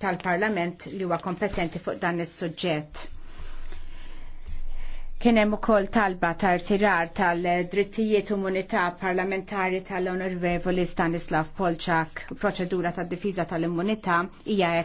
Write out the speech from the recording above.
tal-Parlament li huwa kompetenti fuq dan is-suġġett. Kien hemm ukoll talba tar-tirar tal-drittijiet umunità parlamentari tal-Onorevoli Stanislav u proċedura tad-difiża tal-immunità hija